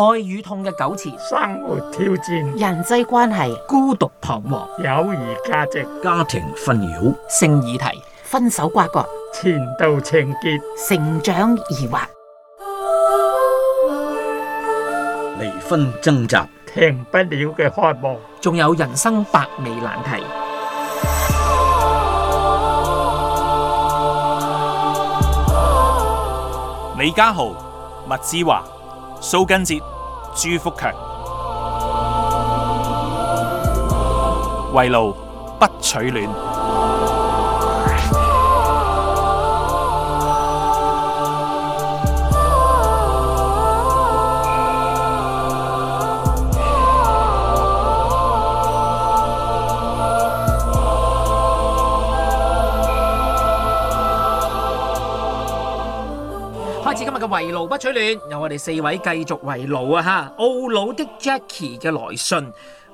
愛與痛嘅糾纏，生活挑戰，人際關係，孤獨彷徨，友誼價值，家庭紛擾，性議題，分手瓜葛，前度情結，成長疑惑，離婚掙扎，停不了嘅渴望，仲有人生百味難題。李家豪，麥子華。掃根哲》朱福強，圍爐不取暖。今日嘅圍爐不取暖，由我哋四位繼續圍爐啊！吓，懊惱的 Jacky 嘅來信。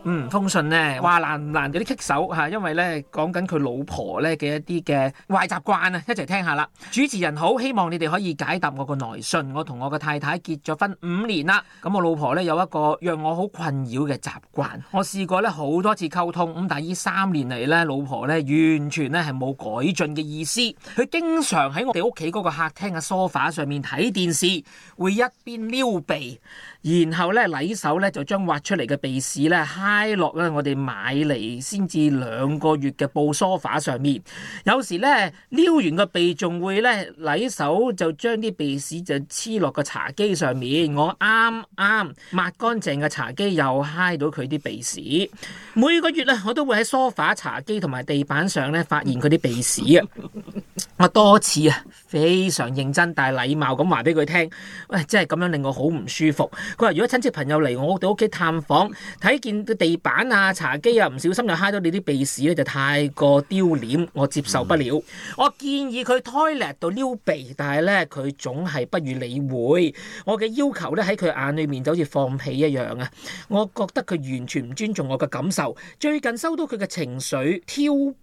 嗯，封信咧話難唔難有啲棘手嚇，因為咧講緊佢老婆咧嘅一啲嘅壞習慣啊，一齊聽一下啦。主持人好，希望你哋可以解答我個來信。我同我個太太結咗婚五年啦，咁我老婆咧有一個讓我好困擾嘅習慣。我試過咧好多次溝通，咁但係呢三年嚟咧，老婆咧完全咧係冇改進嘅意思。佢經常喺我哋屋企嗰個客廳嘅 sofa 上面睇電視，會一邊撩鼻。然後咧，舐手咧就將挖出嚟嘅鼻屎咧嗨落咧我哋買嚟先至兩個月嘅布梳化上面。有時咧撩完個鼻仲會咧舐手就將啲鼻屎就黐落個茶幾上面。我啱啱抹乾淨嘅茶几又嗨到佢啲鼻屎。每個月咧我都會喺梳化茶几同埋地板上咧發現佢啲鼻屎啊！ 我多次啊，非常認真但係禮貌咁話俾佢聽，喂、哎，真係咁樣令我好唔舒服。佢話如果親戚朋友嚟我屋企探訪，睇見個地板啊、茶几啊，唔小心又揩到你啲鼻屎咧，就太過丟臉，我接受不了。我建議佢 toilet 到撩鼻，但係咧佢總係不予理會。我嘅要求咧喺佢眼裏面就好似放屁一樣啊！我覺得佢完全唔尊重我嘅感受。最近收到佢嘅情緒挑。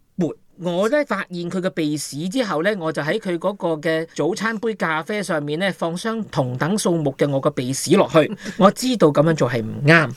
我咧發現佢嘅鼻屎之後呢，我就喺佢嗰個嘅早餐杯咖啡上面呢，放相同等數目嘅我嘅鼻屎落去。我知道咁樣做係唔啱，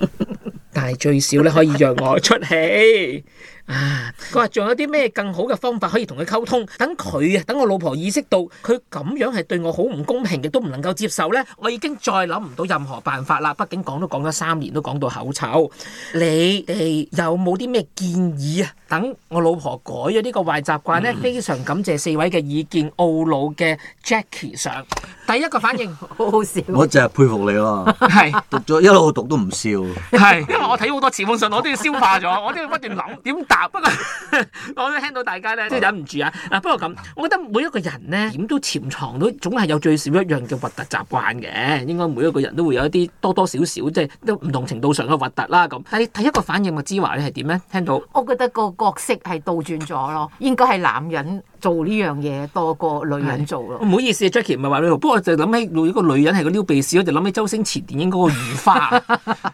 但係最少咧可以讓我出氣。啊！佢話仲有啲咩更好嘅方法可以同佢溝通？等佢啊，等我老婆意識到佢咁樣係對我好唔公平嘅，亦都唔能夠接受呢。我已經再諗唔到任何辦法啦。畢竟講都講咗三年，都講到口臭。你哋有冇啲咩建議啊？等我老婆改咗呢個壞習慣呢，嗯、非常感謝四位嘅意見。懊惱嘅 Jacky 上。第一個反應好好笑。 我就係佩服你咯，係 讀咗一路讀都唔笑。係 因為我睇好多辭鋒上，我都要消化咗，我都要不斷諗點。啊、不過 我都聽到大家咧，即係忍唔住啊！啊！不過咁，我覺得每一個人咧，點都潛藏到，總係有最少一樣嘅核突習慣嘅。應該每一個人都會有一啲多多少少，即係都唔同程度上嘅核突啦。咁，係第一個反應話之華咧係點咧？聽到我覺得個角色係倒轉咗咯，應該係男人。做呢樣嘢多過女人做咯。唔好意思 Jackie 唔係話你，不過就諗起女個女人係個撩鼻屎，我就諗起周星馳電影嗰個如花，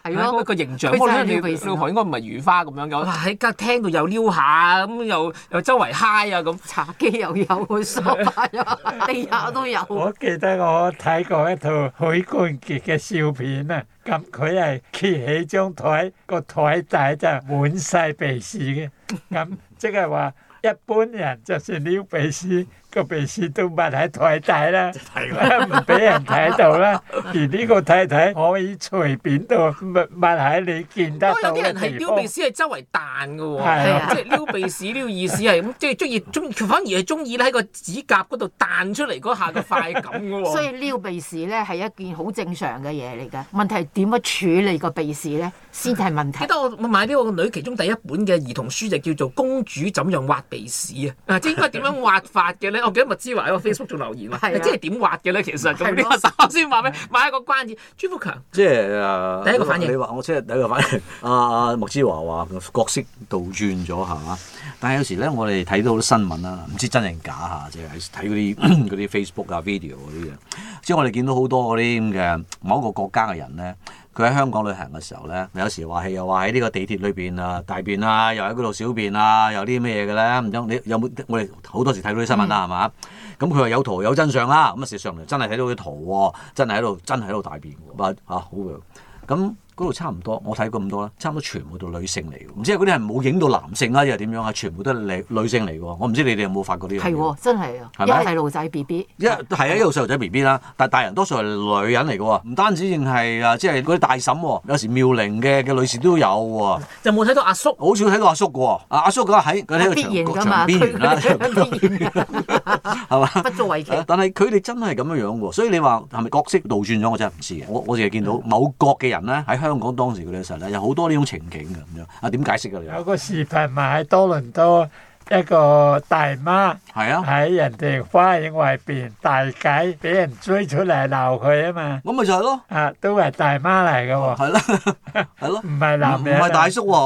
係咯個形象。不過你笑河應該唔係如花咁樣噶，喺客廳度又撩下咁，又又周圍嗨啊咁，茶几又有，個沙發啊，地下都有。我記得我睇過一套許冠傑嘅笑片啊，咁佢係揭起張台，個台真係滿晒鼻屎嘅，咁即係話。一般人就算撩鼻屎。個鼻屎都抹喺台底啦，唔俾 人睇到啦。而呢個睇睇可以隨便到抹抹喺你見得到。不過有啲人係撩鼻屎係周圍彈㗎喎，的的即係撩鼻屎撩耳屎係咁，即係中意中意，反而係中意喺個指甲嗰度彈出嚟嗰下嘅快感㗎喎。 所以撩鼻屎咧係一件好正常嘅嘢嚟㗎，問題係點樣處理個鼻屎咧先係問題。記得 我買俾我個女其中第一本嘅兒童書就叫做《公主怎樣挖鼻屎》啊，嗱，應該點樣挖法嘅咧？我記得麥之華喺個 Facebook 仲留言即係點畫嘅咧？啊、其實咁啲的我首先話咩？的買一個關注朱福強，即係啊！第一個反應你話我即係第一個反應。阿麥之華話個角色倒轉咗係嘛？但係有時咧，我哋睇到好多新聞啦，唔知真定假嚇、即係 啊，即係睇嗰啲啲 Facebook 啊 video 嗰啲嘢。即係我哋見到好多嗰啲咁嘅某一個國家嘅人咧。佢喺香港旅行嘅時候咧，有時話係又話喺呢個地鐵裏邊啊大便啊，又喺嗰度小便啊，又啲咩嘢嘅咧？唔通你有冇我哋好多時睇到啲新聞啦，係嘛、嗯？咁佢話有圖有真相啦、啊，咁啊事實上嚟真係睇到啲圖喎，真係喺度真係喺度大便，啊，哇嚇好樣咁。啊嗰度差唔多，我睇過咁多啦，差唔多全部都女性嚟嘅，唔知係嗰啲係冇影到男性啦，又點樣啊？全部都係女性嚟嘅，我唔知你哋有冇發過呢樣嘢。係喎，真係啊吧！一係細路仔 B B，一係啊，一路細路仔 B B 啦，但係大人多數係女人嚟嘅，唔單止淨係啊，即係嗰啲大嬸，有時妙齡嘅嘅女士都有喎，就冇睇到阿叔，好少睇到阿叔嘅，阿叔佢喺佢喺個牆牆邊啊，邊係嘛，不足為奇。但係佢哋真係咁樣樣喎，所以你話係咪角色倒轉咗？我真係唔知。我我淨係見到某國嘅人咧喺。香港當時嗰啲實咧，有好多呢種情景嘅咁樣。啊，點解釋㗎、啊？你有個視頻咪喺多倫多。一個大媽喺人哋花園外邊大解，俾人追出嚟鬧佢啊嘛！咁咪就係咯，啊都係大媽嚟嘅喎，係咯係咯，唔 係 楽 cake lette 男唔係 大叔喎、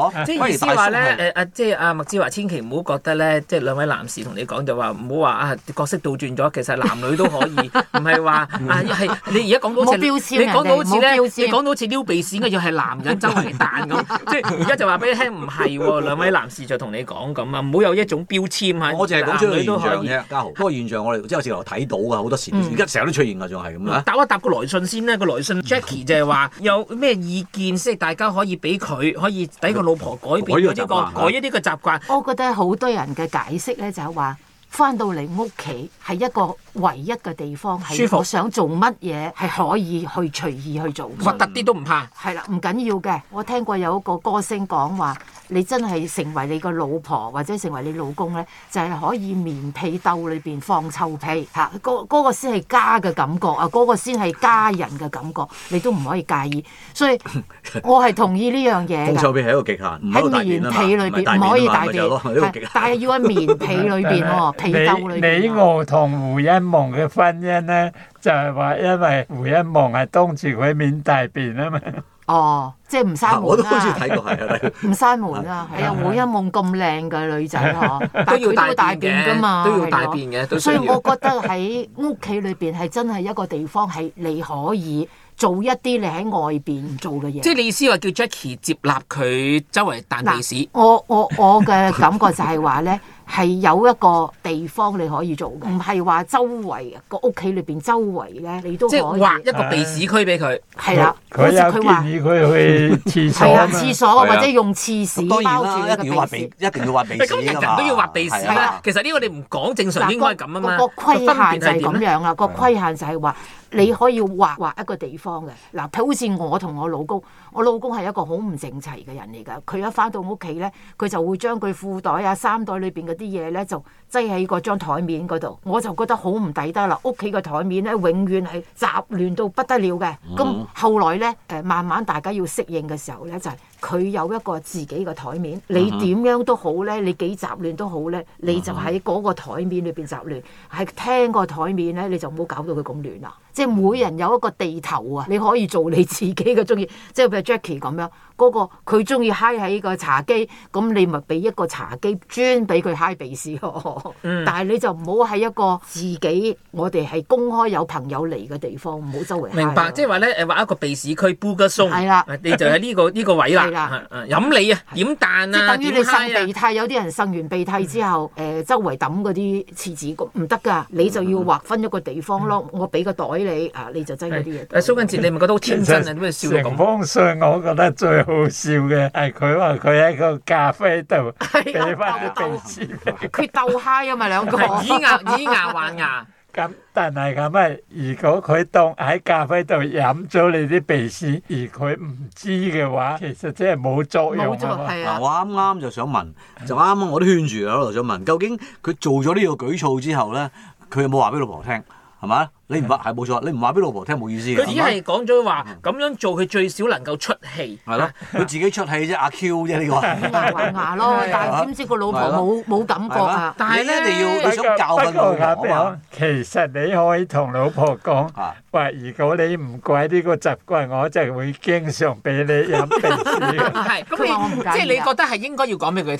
啊。意思話咧，誒阿即係阿麥志華、 no, meter and jazz 91 assy，千祈唔好覺得咧，即係兩位男士同你講就話唔好話啊角色倒轉咗，其實男女都可以，唔係話啊係你而家講到你講到好似咧，你講到好似撩鼻屎嘅要係男人周圍彈咁，即係而家就話俾你聽，唔係喎，兩位男士就同你講咁啊，唔好有一種。標籤係，我淨係講出個現象啫，家豪。個現象我哋即係之後睇到嘅，好多時而家成日都出現嘅，仲係咁樣。答一答個來信先啦，個來信 Jackie 就係話有咩意見，即係大家可以俾佢可以俾個老婆改變呢個改一啲嘅習慣。我覺得好多人嘅解釋咧就係話翻到嚟屋企係一個唯一嘅地方，係我想做乜嘢係可以去隨意去做。核突啲都唔怕。係啦，唔緊要嘅。我聽過有一個歌星講話。你真係成為你個老婆或者成為你老公咧，就係、是、可以棉被竇裏邊放臭屁嚇，嗰、啊那個先係家嘅感覺啊，嗰、那個先係家人嘅感覺，你都唔可以介意。所以我係同意呢樣嘢嘅。 臭屁係一個極限，唔喺大便啊嘛。大便咪就係 但係要喺棉被裏邊喎，被竇裏邊。李李敖同胡因夢嘅婚姻咧，就係、是、話因為胡因夢係當住佢面大便啊嘛。 哦，即係唔閂門啊。我都好睇過，係啊，唔閂門啊，係啊，每一夢咁靚嘅女仔嗬，但佢都要大便嘅嘛，都要大便嘅，所以我覺得喺屋企裏邊係真係一個地方係你可以做一啲你喺外邊做嘅嘢。即係你意思話叫 Jacky 接納佢周圍彈地屎。我我我嘅感覺就係話咧。係有一個地方你可以做，嘅，唔係話周圍個屋企裏邊周圍咧，你都可以劃一個鼻屎區俾佢。係啦，佢佢建議佢去廁所，廁所、 啊啊、或者用廁紙包住個鼻，一定要劃，一定要劃鼻屎。咁人日都要劃鼻屎啊！啊其實呢個你唔講，正常應該係咁啊嘛。那個、個規限就係咁樣啦。個規限就係話你可以劃，劃一個地方嘅。嗱、啊，譬如好似我同我老公。我老公係一個好唔整齊嘅人嚟㗎，佢一返到屋企咧，佢就會將佢褲袋啊、衫袋裏邊嗰啲嘢咧就，擠喺嗰張台面嗰度，我就覺得好唔抵得啦！屋企個台面咧，永遠係雜亂到不得了嘅。咁、嗯、後來咧，誒慢慢大家要適應嘅時候咧，就係、是、佢有一個自己嘅台面，你點樣都好咧，你幾雜亂都好咧，你就喺嗰個台面裏邊雜亂。喺廳個台面咧，你就唔好搞到佢咁亂啦。即係每人有一個地頭啊，你可以做你自己嘅鍾意。即係譬如 Jacky 咁樣，嗰、那個佢鍾意嗨喺個茶幾，咁你咪俾一個茶几專俾佢嗨鼻屎。呵呵但係你就唔好喺一個自己，我哋係公開有朋友嚟嘅地方，唔好周圍。明白，即係話咧，誒，話一個鼻屎區布梳化係啦，你就喺呢個呢個位啦，係啦，飲你啊，點彈啊？等於你擤鼻涕，有啲人擤完鼻涕之後，誒，周圍抌嗰啲廁紙，唔得噶，你就要劃分一個地方咯，我俾個袋你，啊，你就擠嗰啲嘢。誒，蘇錦捷，你咪覺得好天真啊？咁笑到咁風，我覺得最好笑嘅係佢話佢喺個咖啡度俾翻個廁紙，佢斗差嘅嘛兩個，以牙 以牙還牙。咁 但係咁啊，如果佢當喺咖啡度飲咗你啲鼻屎，而佢唔知嘅話，其實即係冇作用，冇作用吧啊！我啱啱就想問，就啱啱我都勸住佢啦，就想問，究竟佢做咗呢個舉措之後咧，佢有冇話俾老婆聽？係嘛？你唔話係冇錯，你唔話俾老婆聽冇意思嘅。佢只係講咗話咁樣做，佢最少能夠出氣。係咯，佢自己出氣啫，阿 Q 啫呢個。牙咯，但係點知個老婆冇冇感覺啊？但係咧，你要想教佢。其實你可以同老婆講：喂，如果你唔改呢個習慣，我真係會經常俾你飲冰水。係，咁你即係你覺得係應該要講俾佢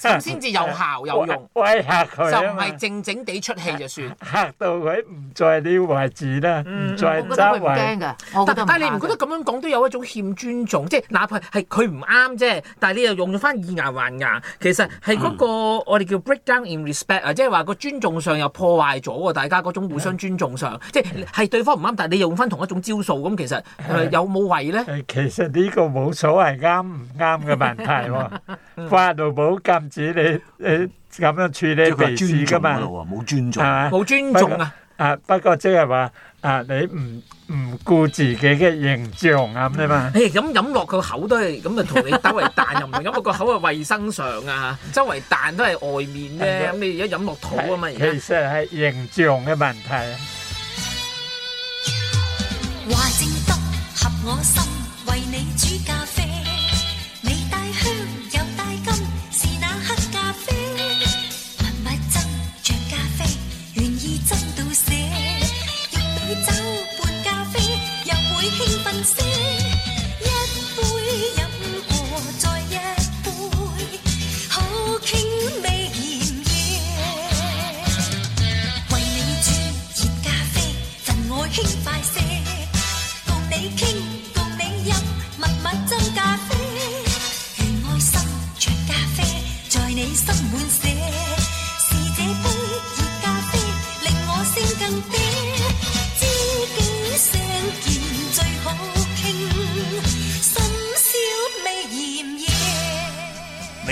聽，先至有效有用。威嚇佢就唔係靜靜地出氣就算。嚇到佢唔再撩。嗯、位置咧，再周圍，但但你唔覺得咁樣講都有一種欠尊重？即係哪怕係佢唔啱啫，但係你又用咗翻以牙還牙，其實係嗰個我哋叫 breakdown in respect 啊，即係話個尊重上又破壞咗喎，大家嗰種互相尊重上，即係係對方唔啱，但係你用翻同一種招數咁，其實有冇謂咧？其實呢個冇所謂啱唔啱嘅問題，法律冇禁止你你咁樣處理鼻屎㗎嘛？冇尊重冇尊重啊！啊！不過即係話，啊你唔唔顧自己嘅形象啊咁啊嘛。誒飲飲落個口都係咁啊，同你周圍彈又唔同，咁個口啊衞生上啊，周圍彈都係外面啫，咁你一飲落肚啊嘛而家。其實係形象嘅問題。話正得合我心，為你煮咖啡。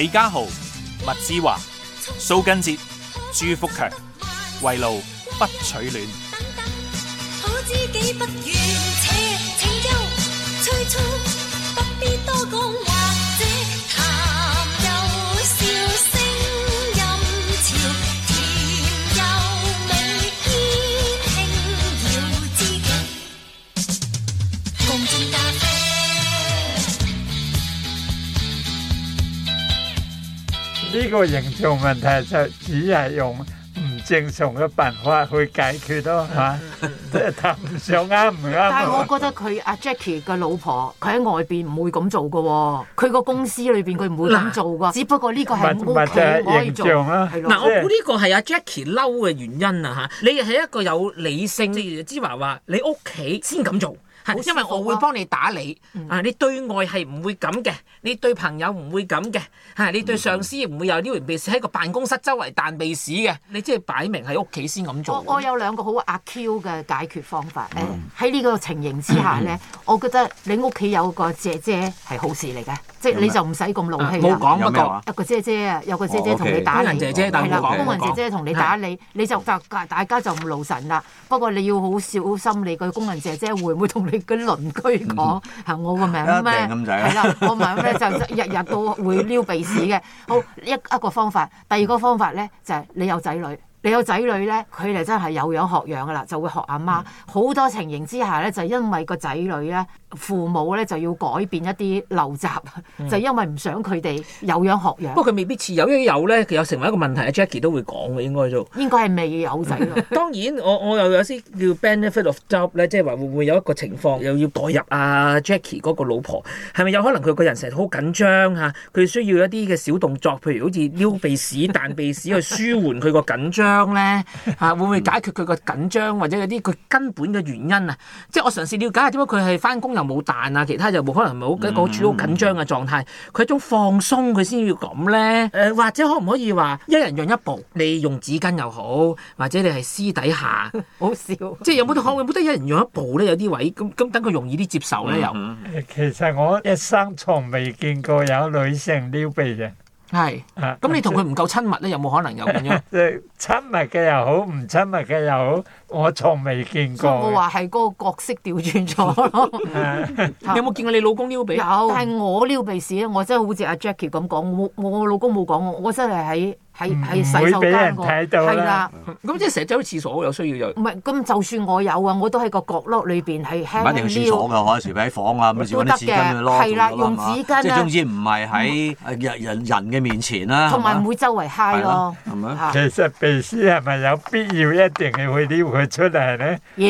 李家豪、麥志華、蘇根哲、朱福強，圍爐不取暖。呢個形象問題就只係用唔正常嘅辦法去解決咯，啊，係即係答唔上啱唔啱。對對 但係我覺得佢阿 Jackie 嘅老婆，佢喺外邊唔會咁做噶，哦，佢個公司裏邊佢唔會咁做噶。嘞只不過呢個係屋企我做。嗱，啊是，我估呢個係阿 Jackie 嬲嘅原因啊，吓！你係一個有理性，即係之華話你屋企先咁做。因為我會幫你打理啊！你對外係唔會咁嘅，你對朋友唔會咁嘅嚇，你對上司亦唔會有呢回事喺個辦公室周圍彈鼻屎嘅，你即係擺明喺屋企先咁做。我我有兩個好阿 Q 嘅解決方法喺呢個情形之下咧，我覺得你屋企有個姐姐係好事嚟嘅，即係你就唔使咁勞氣。冇講不過一個姐姐啊，有個姐姐同你打理，工人姐姐，工人姐姐同你打理，你就大家就唔勞神啦。不過你要好小心你個工人姐姐會唔會同你。個鄰居講，行、嗯、我個名咩？係啦， 我個名咩？就日日都會撩鼻屎嘅。好，一一個方法，第二個方法咧就係、是、你有仔女。你有仔女咧，佢哋真係有樣學樣㗎喇，就會學阿媽，媽。好、嗯、多情形之下咧，就因為個仔女咧，父母咧就要改變一啲陋習，就、嗯、因為唔想佢哋有樣學樣、嗯。不過佢未必持有，一有呢，一有咧，佢有成為一個問題。Jackie 都會講嘅，應該都應該係未有仔。 當然，我我又有啲叫 benefit of job 咧，即係話會唔會有一個情況又要代入阿、啊、Jackie 嗰個老婆，係咪有可能佢個人成日好緊張吓？佢、啊、需要一啲嘅小動作，譬如好似撩鼻屎、彈鼻屎，屎去舒緩佢個緊張。咧嚇、 啊、會唔會解決佢個緊張，或者有啲佢根本嘅原因啊？即係我嘗試了解下，點解佢係返工又冇彈啊？其他就冇可能唔係好嗰個處好緊張嘅狀態。佢、嗯、一種放鬆，佢先要咁咧。誒或者可唔可以話一人讓一步，你用紙巾又好，或者你係私底下，好笑、啊？即係有冇得可有冇得一人讓一步咧？有啲位咁咁等佢容易啲接受咧又。嗯嗯、其實我一生從未見過有女性撩鼻嘅。係，咁你同佢唔夠親密咧，有冇可能有咁樣？即係 親密嘅又好，唔親密嘅又好。我從未見過。我話係嗰個角色調轉咗。有冇見過你老公撩鼻？有，係我撩鼻屎，我真係好似阿 Jacky 咁講，我老公冇講我，我真係喺喺喺洗手間個。係啦。咁即係成日走廁所，有需要就。唔係，咁就算我有啊，我都喺個角落裏邊係吃撩。唔一定去廁所㗎，可以，除非喺房啊咁，用啲紙巾嘅，用紙巾，即係總之唔係喺人人嘅面前啦。同埋唔會周圍嗨咯。係咩？其實鼻屎係咪有必要一定去去撩？出嚟咧，其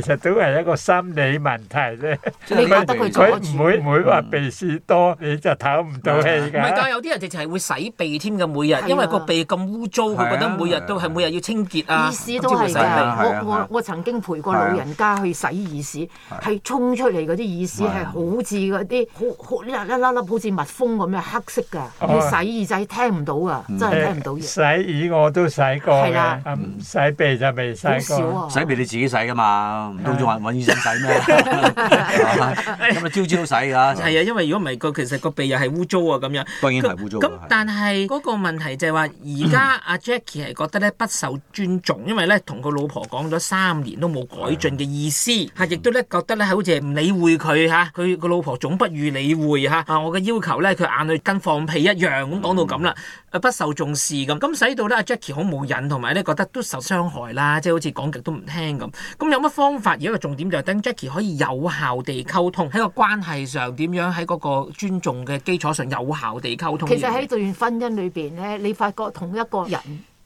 實都係一個心理問題啫。你覺得佢唔會唔會話鼻屎多你就唞唔到氣嘅。唔係，但有啲人就係會洗鼻添嘅，每日因為個鼻咁污糟，佢覺得每日都係每日要清潔啊。耳屎都係我，我曾經陪過老人家去洗耳屎，係衝出嚟嗰啲耳屎係好似嗰啲好好粒粒粒好似蜜蜂咁樣黑色㗎，你洗耳仔聽唔到㗎，真係聽唔到嘢。洗耳我都洗過嘅，洗鼻就未洗過。洗鼻你自己洗噶嘛，唔通仲揾揾醫生洗咩？咁啊、 嗯、朝朝都洗噶。係啊，因為如果唔係個，其實個鼻又係污糟啊咁樣。當然係污糟。咁但係嗰個問題就係話，而家阿 Jacky 係覺得咧 不受尊重，因為咧同個老婆講咗三年都冇改進嘅意思，係亦都咧覺得咧好似唔理會佢吓，佢個老婆總不予理會吓，啊我嘅要求咧佢眼淚跟放屁一樣，咁講到咁啦。 誒不受重視咁，咁使到咧阿 Jackie 好冇癮，同埋咧覺得都受傷害啦，即係好似講極都唔聽咁。咁有乜方法？而一個重點就係等 Jackie 可以有效地溝通喺個關係上，點樣喺嗰個尊重嘅基礎上有效地溝通。其實喺段婚姻裏邊咧，你發覺同一個人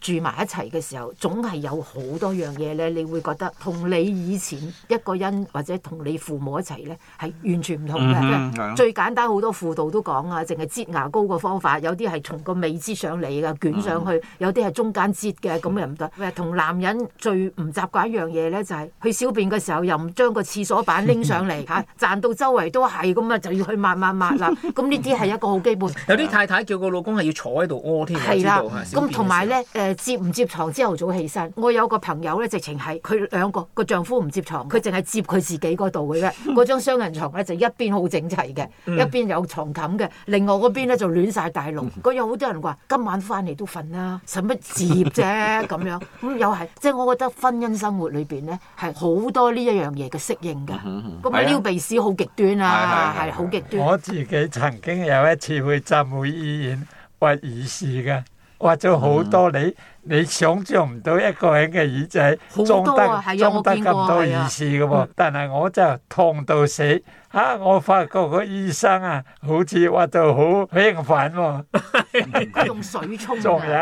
住埋一齊嘅時候，總係有好多樣嘢咧，你會覺得同你以前一個人或者同你父母一齊咧，係完全唔同嘅。 啊、最簡單好多輔導都講啊，淨係擠牙膏個方法，有啲係從個尾擠上嚟噶，捲上去； 有啲係中間擠嘅，咁又唔得。同男人最唔習慣一樣嘢咧， 就係去小便嘅時候又唔將個廁所板拎上嚟嚇，賺、啊、到周圍都係咁啊，就要去抹抹抹啦。咁呢啲係一個好基本。 有啲太太叫個老公係要坐喺度屙添。係啦，咁同埋咧誒。接唔接，接床？朝頭早起身。我有個朋友咧，直情係佢兩個個丈夫唔接床，佢淨係接佢自己嗰度嘅啫。嗰張雙人床咧就一邊好整齊嘅， 一邊有床冚嘅，另外嗰邊咧就亂晒大龍。個 有好多人話：今晚翻嚟都瞓啦，使乜接啫？咁樣咁又係，即、嗯、係、就是、我覺得婚姻生活裏邊咧係好多呢一樣嘢嘅適應嘅。咁、那、撩、個、鼻屎好極端啊，係好極端。 我自己曾經有一次去浸會醫院喂耳屎嘅。挖咗好多你。嗯你想象唔到一個人嘅耳仔裝得裝得咁多耳屎嘅喎，但係我就痛到死嚇！我發覺個醫生啊，好似挖到好興奮喎。佢用水沖。仲有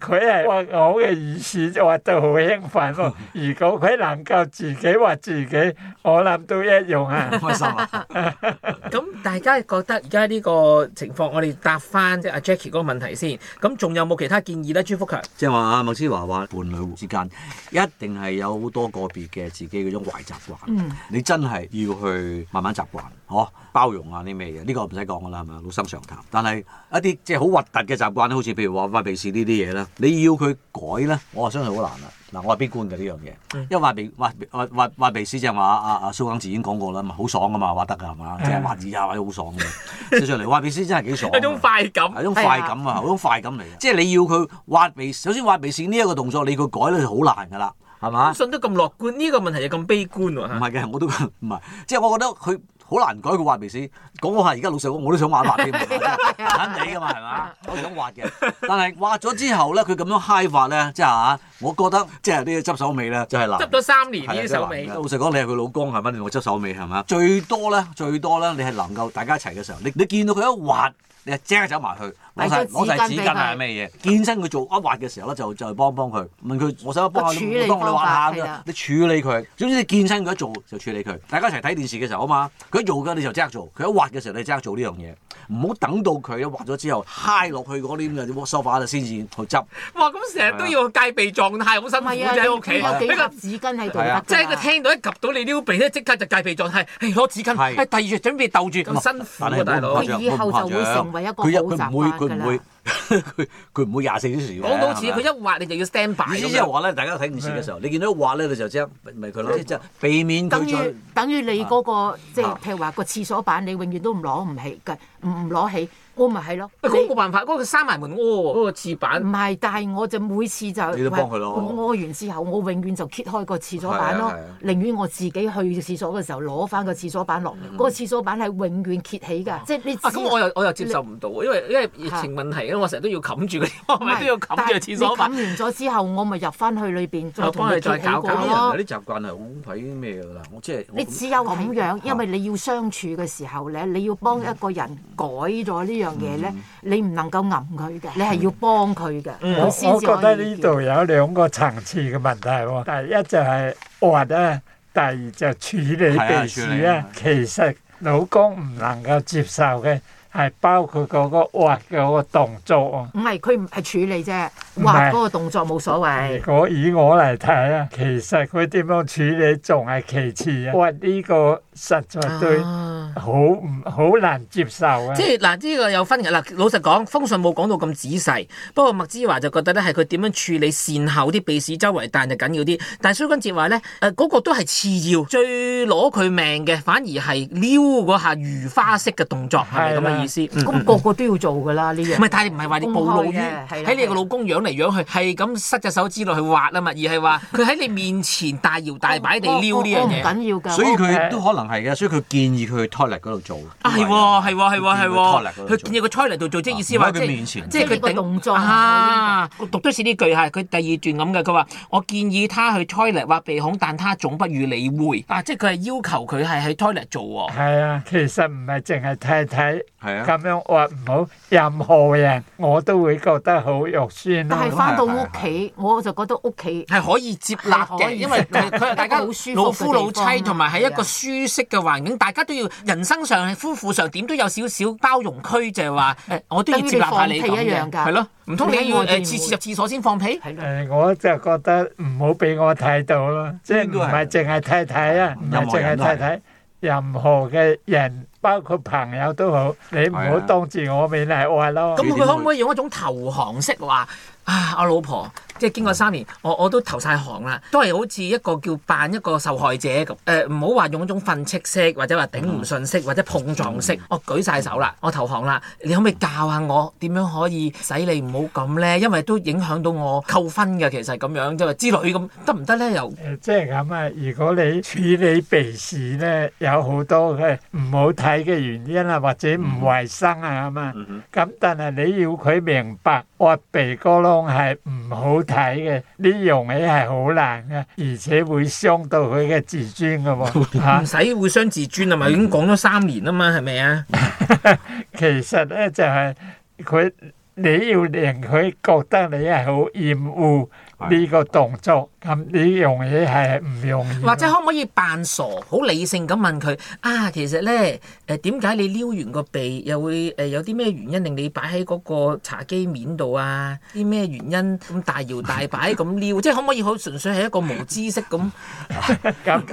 佢係挖我嘅耳屎挖到好興奮喎。如果佢能夠自己挖自己，我諗都一樣啊！開心啊！咁大家覺得而家呢個情況，我哋答翻即係阿 Jacky 嗰個問題先。咁仲有冇其他建議呢？朱福強，即係話。啊，莫思華話伴侶之間一定係有好多個別嘅自己嗰種壞習慣。嗯、你真係要去慢慢習慣，嗬、啊，包容下啲咩嘢？呢、這個唔使講噶啦，係咪老生常談。但係一啲即係好核突嘅習慣，好似譬如話挖鼻屎呢啲嘢咧，你要佢改咧，我話相信好難啦、啊。嗱、啊，我係悲觀嘅呢樣嘢，因為挖鼻挖挖挖鼻屎就話阿阿阿蘇耿自已經講過啦，嘛好爽噶嘛，挖得噶係嘛，即係挖耳啊，挖到好爽嘅，即 上嚟挖鼻屎真係幾爽，有種快感，係種快感啊，係、啊、種快感嚟嘅。 即係你要佢挖鼻，首先挖鼻線呢一個動作，你佢改咧就好難噶啦，係嘛？信得咁樂觀，呢、這個問題就咁悲觀喎、啊。唔係嘅，我都唔係，即係我覺得佢。好難改佢挖鼻屎，講講下而家老實講，我都想挖下添， 硬地㗎嘛係嘛， 我想挖嘅。但係挖咗之後咧，佢咁樣揩法咧，即係啊，我覺得即係啲執手尾咧就係難。執咗三年呢啲手尾。老實講，你係佢老公係咪？你我執手尾係咪？最多咧，最多咧，你係能夠大家一齊嘅時候，你你見到佢一挖。你即刻走埋去攞晒攞曬紙巾啊，咩嘢？健身佢做一滑嘅時候咧，就就幫幫佢問佢，我想幫下你，幫你滑下啦，你處理佢。總之你健身佢一做就處理佢。大家一齊睇電視嘅時候啊嘛，佢一做嘅你就即刻做，佢一滑嘅時候你就即刻做呢樣嘢。唔好等到佢一滑咗之後揩落去嗰啲咁嘅啲窩 sofa 啦，先至去執。哇！咁成日都要戒備狀態，好辛苦喎喺屋企。呢個紙巾喺度，即係佢聽到一及到你呢個鼻咧，即刻就戒備狀態，攞紙巾，第二隻準備鬥住。咁辛苦啊，佢以後就會成為一個好習慣㗎啦。佢佢唔會廿四小時。講到似佢一挖你就要 stand by。意思即係話咧，大家睇電視嘅時候，Okay. 你見到一挖咧，你就即刻，咪佢咯，即，即係，避免等。等於等於你嗰個，啊，即係譬如話個廁所板，你永遠都唔攞唔起嘅，唔唔攞起。我咪係咯，嗰冇辦法，嗰個閂埋門屙，嗰個廁板。唔係，但係我就每次就，你都幫佢咯。我屙完之後，我永遠就揭開個廁所板咯，寧願我自己去廁所嘅時候攞翻個廁所板落。嗰個廁所板係永遠揭起㗎，即係你。啊，咁我又我又接受唔到，因為因為疫情問題啊，我成日都要冚住嗰啲，都要冚住廁所板。你冚完咗之後，我咪入翻去裏邊。再幫佢再搞，啲人有啲習慣係好睇咩㗎啦，即係。你只有咁樣，因為你要相處嘅時候咧，你要幫一個人改咗呢樣。嘢咧、嗯，你唔能夠揞佢嘅，你係要幫佢嘅。他才 我我覺得呢度有兩個層次嘅問題喎、哦。第一就係挖咧，第二就處理鼻屎咧。其實老公唔能夠接受嘅係包括嗰個挖嘅嗰個動作啊。唔係，佢唔係處理啫。唔係嗰個動作冇所謂。我以我嚟睇啊，其實佢點樣處理仲係其次啊。喂，呢、這個實在對好唔好難接受啊！即係嗱，呢、這個有分嘅。嗱，老實講，封信冇講到咁仔細。不過麥之華就覺得咧，係佢點樣處理善後啲鼻屎周圍，但就緊要啲。但係蕭君哲話咧，誒、那、嗰個都係次要，最攞佢命嘅反而係撩嗰下如花式嘅動作，係咪咁嘅意思？咁、嗯嗯、個個都要做㗎啦，呢樣。唔係，但係唔係話你暴露於喺你個老公養。嚟樣去係咁塞隻手指落去挖啊嘛，而係話佢喺你面前大搖大擺地撩呢樣嘢，所以佢都可能係嘅。所以佢建議佢去 toilet 度做。係喎，係喎，係喎，係喎。佢建議佢 toilet 度做，即係意思話佢面前，即係個動作啊！讀多啲呢句係佢第二段咁嘅。佢話：我建議他去 toilet 挖鼻孔，但他總不予理會。啊，即係佢係要求佢係喺 toilet 做喎。係啊，其實唔係淨係睇睇，係啊，咁樣挖唔好。任何人我都會覺得好肉酸。但係翻到屋企，我就覺得屋企係可以接納嘅，因為佢係大家老夫老妻，同埋喺一個舒適嘅環境，大家都要人生上、夫婦上點都有少少包容區，就係話，我都要明白你咁樣㗎。係咯，唔通你要次次入廁所先放屁？誒、嗯，我就覺得唔好俾我睇到咯，即係唔係淨係睇睇啊？唔係淨係睇睇任何嘅人。包括朋友都好，你唔好當住我面嚟愛咯。咁佢可唔可以用一種投降式話啊？我老婆即係經過三年，嗯、我我都投晒降啦，都係好似一個叫扮一個受害者咁。誒唔好話用一種訓斥式，或者話頂唔順式，或者碰撞式。嗯、我舉晒手啦，嗯、我投降啦。你可唔可以教下我點樣可以使你唔好咁咧？因為都影響到我扣分嘅。其實咁樣即係之類咁，得唔得咧？又即係咁啊！如果你處理鼻事咧，有多好多嘅唔好睇。睇嘅原因啊，或者唔衛生啊，咁啊、嗯哼，咁但係你要佢明白，挖鼻哥窿係唔好睇嘅，呢樣嘢係好難嘅，而且會傷到佢嘅自尊噶喎，唔使、 啊、會傷自尊啊嘛，已經講咗三年啦嘛，係咪啊？其實咧就係佢，你要令佢覺得你係好厭惡。呢個動作，咁呢樣嘢係唔用，或者可唔可以扮傻，好理性咁問佢啊？其實咧，誒點解你撩完個鼻，又會誒有啲咩原因令你擺喺嗰個茶几面度啊？啲咩原因咁大搖大擺咁撩？即係可唔可以好純粹係一個無知識咁？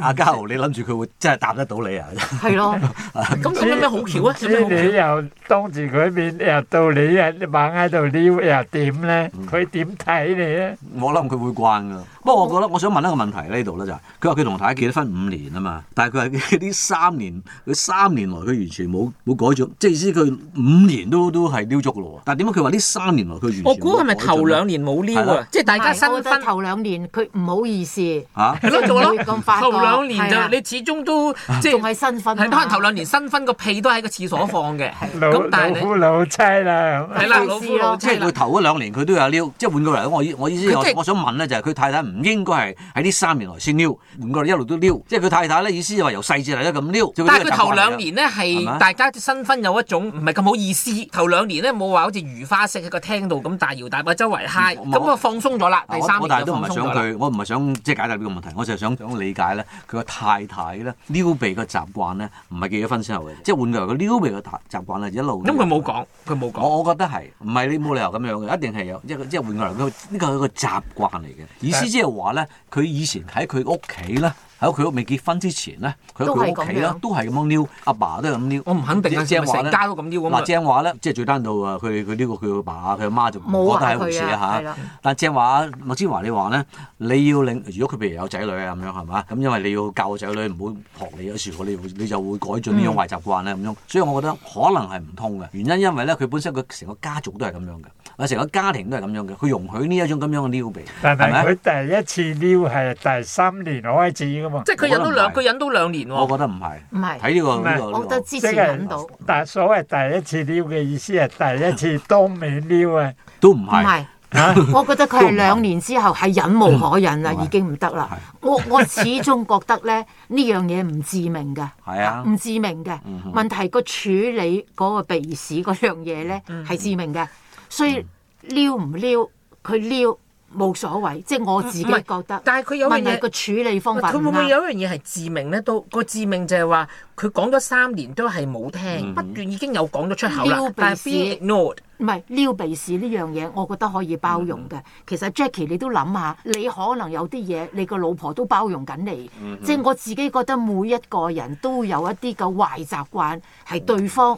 阿家豪，你諗住佢會真係答得到你啊？係咯，咁咁樣好巧啊？你又當住佢面，又到你喺猛喺度撩，又點咧？佢點睇你咧？我。可能佢會慣噶。 不過我覺得我想問一個問題咧喺度咧就係，佢話佢同太太結咗婚五年啊嘛，但係佢話呢三年佢三年來佢完全冇冇改咗，即係意思佢五年都都係撩足嘅。但係點解佢話呢三年來佢完全我估係咪頭兩年冇撩啊？即係大家新婚頭兩年佢唔好意思係咯，做咯，頭兩年就你始終都即係新婚，你可能頭兩年新婚個屁都喺個廁所放嘅。咁老夫老妻啦，係啦，老夫即係佢頭嗰兩年佢都有撩，即係換句嚟講，我我意思我想問咧就係佢太太唔唔應該係喺呢三年來先撩，換句話一路都撩。即係佢太太咧，意思就話由細節嚟咧咁撩。但係佢頭兩年咧係大家新婚有一種唔係咁好意思。頭吧兩年咧冇話好似如花式喺個廳度咁大搖大擺周圍嗨。i g 咁佢放鬆咗啦。第三年就放鬆咗。我但都唔係想佢，我唔係想即係解答呢個問題，我就想想理解咧佢個太太咧撩鼻個習慣咧，唔係結咗婚先有嘅，即係換句話，佢撩鼻個習習慣咧一,一路。咁佢冇講，佢冇講。我我覺得係，唔係你冇理由咁樣嘅，一定係有即係換句話，佢呢個係一個習慣嚟嘅，意思即係話咧，佢以前喺佢屋企咧。喺佢屋未結婚之前咧，佢屋企啦，都係咁樣撩，阿爸，爸都係咁樣撩。我唔肯定啊，正話成家都咁樣。正話咧，即係最單到啊，佢佢呢個佢阿爸佢阿媽就唔覺得係一回事啦嚇。但正話，麥之華，你話咧，你要令如果佢譬如有仔女啊咁樣係嘛？咁因為你要教仔女唔好學你，有時你你就會改進呢種壞習慣咧咁、嗯、樣。所以我覺得可能係唔通嘅原因，因為咧佢本身佢成個家族都係咁樣嘅，成個家庭都係咁樣嘅，佢容許呢一種咁樣嘅撩鼻，係咪但但 吧？佢第一次撩係第三年開始。即係佢忍到兩，佢忍到兩年喎。我覺得唔係，唔係睇呢個，我覺得之前忍到。但係所謂第一次撩嘅意思係第一次都未撩啊，都唔係。唔係，我覺得佢係兩年之後係忍無可忍啦，已經唔得啦。我我始終覺得咧，呢樣嘢唔致命嘅，係啊，唔致命嘅。問題個處理嗰個鼻屎嗰樣嘢咧係致命嘅，所以撩唔撩佢撩。冇所謂，即係我自己覺得。但係佢有樣嘢個處理方法，佢會唔會有樣嘢係致命咧？都、嗰個致命就係話佢講咗三年都係冇聽，嗯、哼不斷已經有講咗出口啦。但係鼻屎，唔係撩鼻屎呢樣嘢，我覺得可以包容嘅。嗯、哼其實 Jackie 你都諗下，你可能有啲嘢，你個老婆都包容緊你。嗯、哼即係我自己覺得，每一個人都有一啲嘅壞習慣，係對方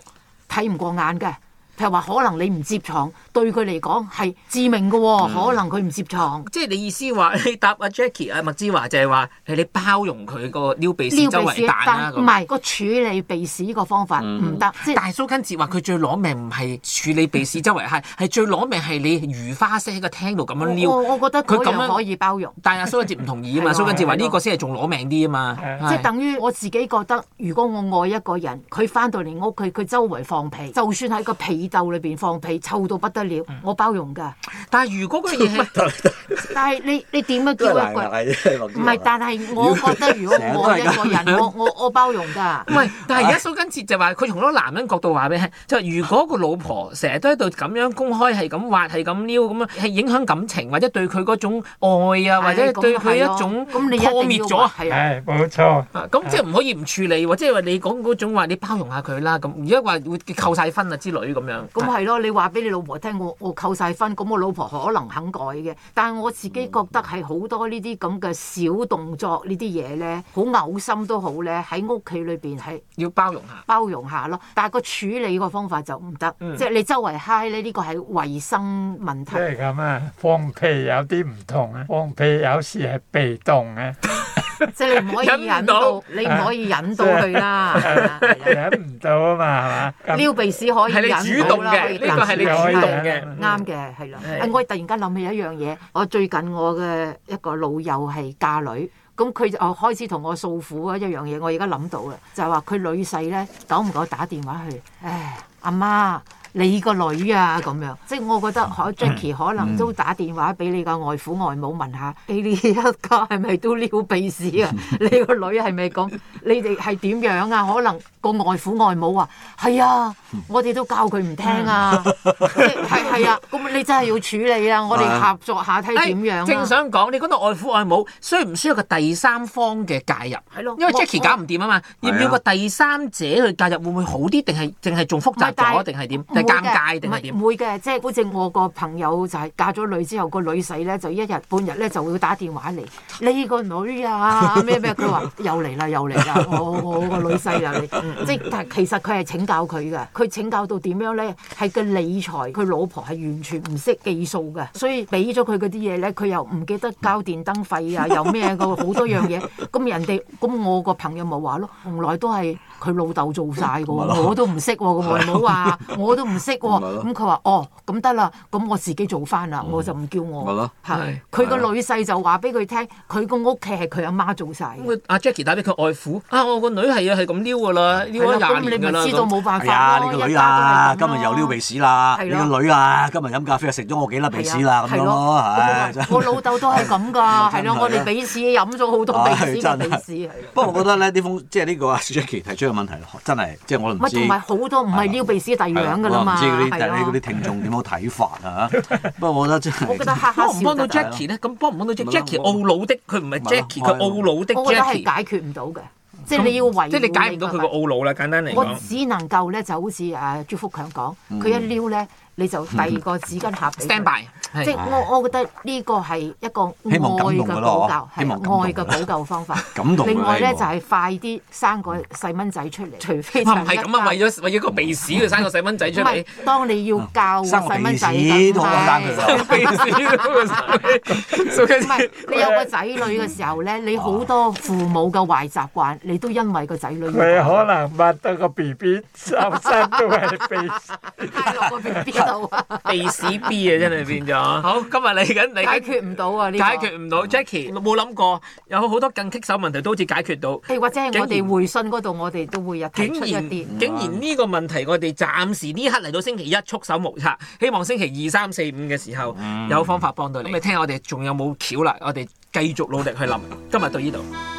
睇唔過眼嘅。係話可能你唔接牀，對佢嚟講係致命嘅喎。可能佢唔接牀。即係你意思話你答阿 Jackie 阿麥芝華就係話你包容佢個撩鼻屎周圍彈，唔係個處理鼻屎個方法唔得。但係蘇根哲話佢最攞命唔係處理鼻屎周圍，係係最攞命係你如花聲喺個廳度咁樣撩。我我覺得佢咁樣可以包容。但係阿蘇根哲唔同意啊嘛。蘇根哲話呢個先係仲攞命啲啊嘛。即係等於我自己覺得，如果我愛一個人，佢翻到嚟屋企，佢周圍放屁，就算喺個被竇裏邊放屁，臭到不得了，我包容噶。但係如果佢臭，但係你你點樣叫一句，唔係，但係我覺得，如果我一個人， 我我我包容噶。唔係，但係而家蘇根哲就話，佢從嗰個男人角度話畀你聽，就係如果個老婆成日都喺度咁樣公開係咁挖係咁撩咁樣，係影響感情，或者對佢嗰種愛啊，或者的對佢一種破滅咗，係冇錯。啊，咁的即係唔可以唔處理喎，即係話你講嗰種話，你包容下佢啦。咁而家話會扣晒分啊之類咁樣。咁係、嗯、 咯，你話俾你老婆聽，我我扣晒分，咁我老婆可能肯改嘅。但係我自己覺得係好多呢啲咁嘅小動作，呢啲嘢咧，好嘔心都好咧，喺屋企裏邊係要包容下，包容下咯。但係個處理個方法就唔得，嗯、即係你周圍嗨，i 咧，呢、呢個係衞生問題。嗯、即係咁啊，放屁有啲唔同啊，放屁有時係被動啊。 即係你唔可以忍到，你唔可以忍到佢啦，忍唔到啊嘛，係嘛？撩鼻屎可以忍到啦，呢個係你主動嘅，啱嘅，係啦。我突然間諗起一樣嘢，我最近我嘅一個老友係嫁女，咁佢就開始同我訴苦啊，一樣嘢，我而家諗到啦，就係話佢女婿咧，久唔久打電話去，唉，阿媽。你個女啊咁樣，即我覺得，可 Jacky 可能都打電話俾你個外父、嗯、外母問下，呢、 哎、你一家係咪都撩鼻屎啊？ 你個女係咪咁？ 你哋係點樣啊？可能。個外父外母啊，係啊，我哋都教佢唔聽啊，係係啊，咁你真係要處理啊，我哋合作下睇點樣。正想講你覺得外父外母，需唔需要個第三方嘅介入？係咯，因為 Jacky 搞唔掂啊嘛，要唔要個第三者去介入會唔會好啲？定係淨係仲複雜咗？定係點？定係尷尬？定係點？唔會嘅，唔會嘅，即係好似我個朋友就係嫁咗女之後，個女婿咧就一日半日咧就會打電話嚟，你個女啊咩咩，佢話又嚟啦又嚟啦，我我個女婿啊你。嗯、即係其實佢係請教佢嘅，佢請教到點樣咧？係個理財，佢老婆係完全唔識計數嘅，所以俾咗佢嗰啲嘢咧，佢又唔記得交電燈費啊，又咩個好多樣嘢。咁人哋咁我個朋友咪話咯，從來都係佢老豆做曬嘅，我都唔識喎。外母話我都唔識喎。咁佢話：哦，咁得啦，咁我自己做翻啦，我就唔叫我。係佢個女婿就話俾佢聽，佢個屋企係佢阿媽做晒。阿 Jacky 打俾佢外父：啊，我個女係啊係咁嬲嘅啦。要咁你咪知道冇辦法咯！一家都係咁，今日又撩鼻屎啦！你個女啊，今日飲咖啡又食咗我幾粒鼻屎啦咁樣咯，係真係我老豆都係咁噶，係咯，我哋鼻屎飲咗好多鼻屎鼻屎。不過我覺得咧，啲風即係呢個阿 Jacky 提出嘅問題，真係即係我唔知。同埋好多唔係撩鼻屎嘅第二樣㗎啦嘛。我唔知你你嗰啲聽眾有冇睇法啊？不過我覺得即係幫唔幫到 Jacky 咧？咁幫唔幫到 Jacky？Jacky 懊惱的，佢唔係 Jacky，佢懊惱的 Jacky，我都係解決唔到嘅。即係你要維，即係你解唔到佢個懊惱啦。簡單嚟講，我只能夠咧，就好似誒、啊、朱福強講，佢一撩咧。嗯你就第二個紙巾盒 stand by。即係我我覺得呢個係一個愛嘅補救，係愛嘅補救方法。另外咧就係快啲生個細蚊仔出嚟，除非就係咁啊，為咗為咗個鼻屎，佢生個細蚊仔出嚟。當你要教細蚊仔，唔係你有個仔女嘅時候咧，你好多父母嘅壞習慣，你都因為個仔女。佢可能揼得個 B B 生都係 BB。 鼻屎 B 啊，真係變咗。好，今日嚟緊，你解決唔到啊，解決唔到。這個、Jackie 冇諗過，有好多更棘手問題都好似解決到。係或者係我哋回信嗰度，我哋都會有睇出竟然呢個問題我暫，我哋暫時呢刻嚟到星期一束手無策，希望星期二、三四五嘅時候有方法幫到你。咁咪、嗯、聽下我哋仲有冇巧啦？我哋繼續努力去諗。今日到呢度。